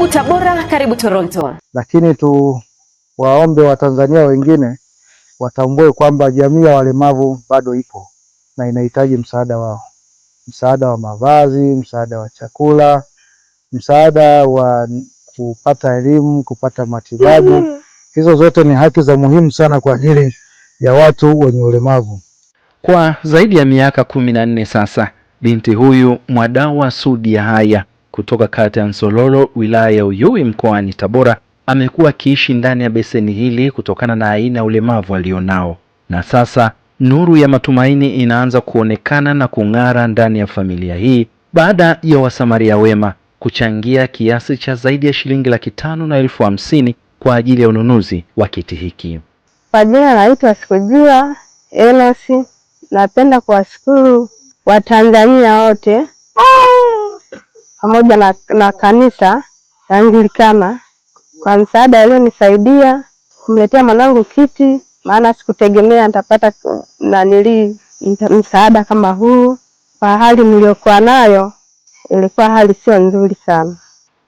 Karibu Tabora, karibu Toronto. Lakini tuwaombe Watanzania wengine watambue kwamba jamii ya walemavu bado ipo na inahitaji msaada wao, msaada wa mavazi, msaada wa chakula, msaada wa kupata elimu, kupata matibabu. Mm-hmm. Hizo zote ni haki za muhimu sana kwa ajili ya watu wenye ulemavu. Kwa zaidi ya miaka kumi na nne sasa, binti huyu Mwadawa Sudi Yahaya kutoka kata ya Nsololo wilaya ya Uyui mkoani Tabora amekuwa akiishi ndani ya beseni hili kutokana na aina ya ulemavu alionao, na sasa nuru ya matumaini inaanza kuonekana na kung'ara ndani ya familia hii baada ya wasamaria wema kuchangia kiasi cha zaidi ya shilingi laki tano na elfu hamsini kwa ajili ya ununuzi wa kiti hiki. Kwa jina naitwa Sikujua Elosi. Napenda kuwashukuru Watanzania wote pamoja na, na kanisa la Anglikana kwa msaada alionisaidia kumletea mwanangu kiti, maana sikutegemea nitapata nanili msaada kama huu. Kwa hali niliyokuwa nayo, ilikuwa hali sio nzuri sana.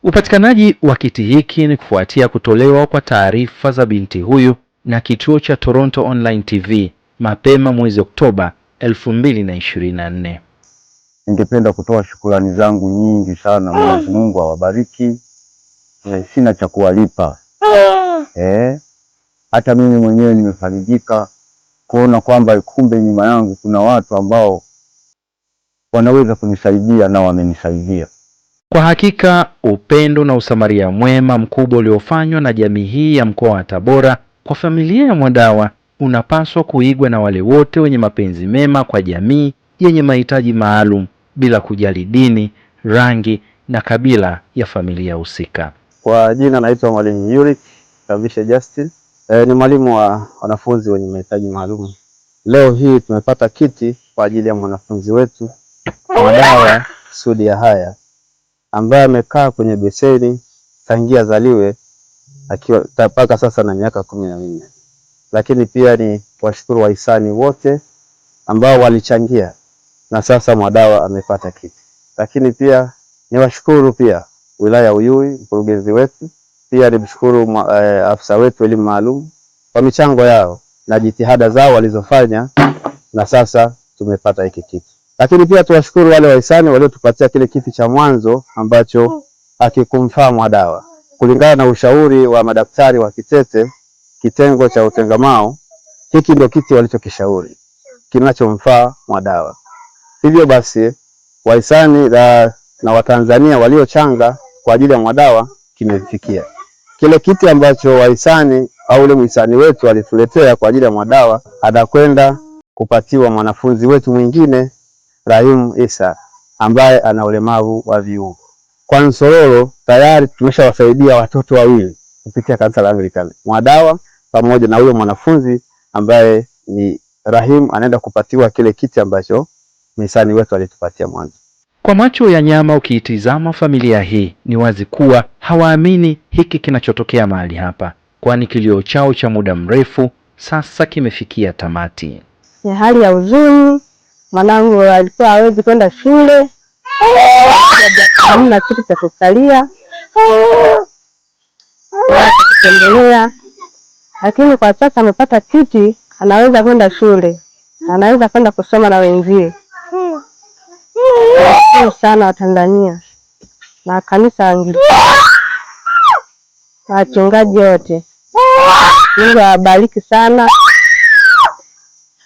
Upatikanaji wa kiti hiki ni kufuatia kutolewa kwa taarifa za binti huyu na kituo cha Toronto Online TV mapema mwezi Oktoba 2024. Ningependa kutoa shukurani zangu nyingi sana. Ah. Mwenyezi Mungu awabariki. Eh, sina cha kuwalipa ah. eh, hata mimi mwenyewe nimefarijika kuona kwamba kumbe nyuma yangu kuna watu ambao wanaweza kunisaidia na wamenisaidia. Kwa hakika upendo na usamaria mwema mkubwa uliofanywa na jamii hii ya mkoa wa Tabora kwa familia ya Mwadawa unapaswa kuigwa na wale wote wenye mapenzi mema kwa jamii yenye mahitaji maalum bila kujali dini, rangi na kabila ya familia husika. Kwa jina naitwa Mwalimu Yuri Kavishe Justin. E, ni mwalimu wa wanafunzi wenye mahitaji maalum. Leo hii tumepata kiti kwa ajili ya mwanafunzi wetu Madawa Sudi ya Haya ambaye amekaa kwenye beseni tangia azaliwe akiwa mpaka sasa na miaka kumi na minne, lakini pia ni washukuru wahisani wote ambao walichangia na sasa Mwadawa amepata kiti. Lakini pia niwashukuru pia wilaya Uyui, mkurugenzi wetu, pia nimshukuru eh, afisa wetu elimu maalum kwa michango yao na jitihada zao walizofanya, na sasa tumepata hiki kiti. Lakini pia tuwashukuru wale wahisani waliotupatia kile kiti cha mwanzo ambacho hakikumfaa Mwadawa kulingana na ushauri wa madaktari wa Kitete kitengo cha utengamao. Hiki ndio kiti walichokishauri kinachomfaa Mwadawa. Hivyo basi wahisani na, na Watanzania waliochanga kwa ajili ya Mwadawa kimefikia kile kiti ambacho wahisani au ule mhisani wetu alituletea kwa ajili ya Mwadawa, anakwenda kupatiwa mwanafunzi wetu mwingine Rahimu Isa ambaye ana ulemavu wa viungo. Kwa Nsororo tayari tumeshawasaidia watoto wawili kupitia kanisa la Anglikana, Mwadawa pamoja na huyo mwanafunzi ambaye ni rahim anaenda kupatiwa kile kiti ambacho Mhisani wetu alitupatia mwanzo. Kwa macho ya nyama ukiitizama familia hii, ni wazi kuwa hawaamini hiki kinachotokea mahali hapa, kwani kilio chao cha muda mrefu sasa kimefikia tamati. Ni hali ya huzuni. Mwanangu alikuwa hawezi kwenda shule, hamna kitu cha kusalia kutembelea, lakini kwa sasa amepata kiti, anaweza kwenda shule, anaweza kwenda kusoma na wenzie. Tunawashukuru sana Watanzania na kanisa Anglikana na wachungaji wote, Mungu awabariki sana,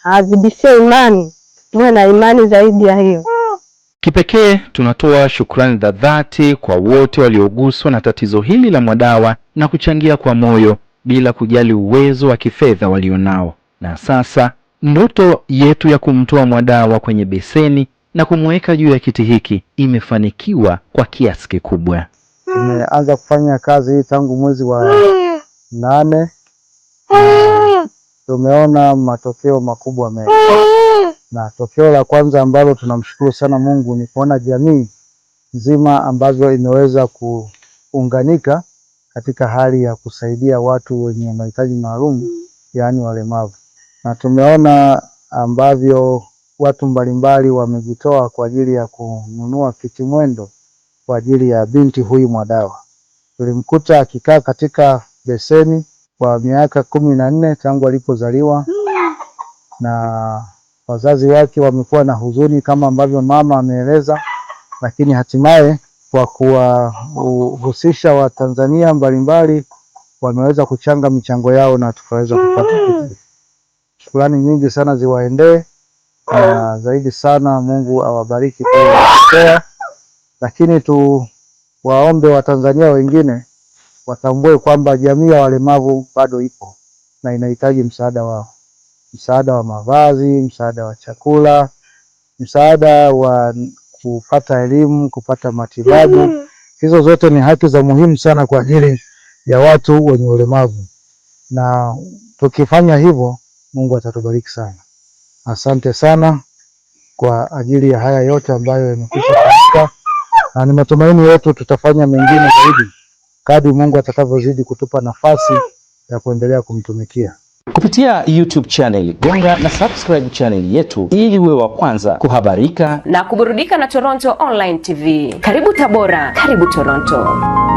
awazidishie imani, muwe na imani zaidi ya hiyo. Kipekee tunatoa shukrani za dhati kwa wote walioguswa na tatizo hili la Mwadawa na kuchangia kwa moyo bila kujali uwezo wa kifedha walionao. Na sasa ndoto yetu ya kumtoa Mwadawa kwenye beseni na kumweka juu ya kiti hiki imefanikiwa kwa kiasi kikubwa. Nimeanza kufanya kazi hii tangu mwezi wa nane, tumeona matokeo makubwa mengi, na tokeo la kwanza ambalo tunamshukuru sana Mungu ni kuona jamii nzima ambavyo imeweza kuunganika katika hali ya kusaidia watu wenye mahitaji maalum, yaani walemavu, na tumeona ambavyo watu mbalimbali wamejitoa kwa ajili ya kununua kiti mwendo kwa ajili ya binti huyu Mwadawa. Tulimkuta akikaa katika beseni kwa miaka kumi na nne tangu alipozaliwa na wazazi wake wamekuwa na huzuni kama ambavyo mama ameeleza, lakini hatimaye kwa kuwahusisha Watanzania mbalimbali wameweza kuchanga michango yao na tukaweza kupata shukrani nyingi sana ziwaendee na oh. zaidi sana Mungu awabariki kuea, lakini tuwaombe Watanzania wengine watambue kwamba jamii ya walemavu bado ipo na inahitaji msaada wao, msaada wa mavazi, msaada wa chakula, msaada wa kupata elimu, kupata matibabu. Mm-hmm. Hizo zote ni haki za muhimu sana kwa ajili ya watu wenye ulemavu, na tukifanya hivyo Mungu atatubariki sana. Asante sana kwa ajili ya haya yote ambayo yamekwisha kufanyika, na ni matumaini yetu tutafanya mengine zaidi kadri Mungu atakavyozidi kutupa nafasi ya kuendelea kumtumikia. Kupitia YouTube channel, gonga na subscribe channel yetu ili uwe wa kwanza kuhabarika na kuburudika na Toronto Online TV. Karibu Tabora, karibu Toronto.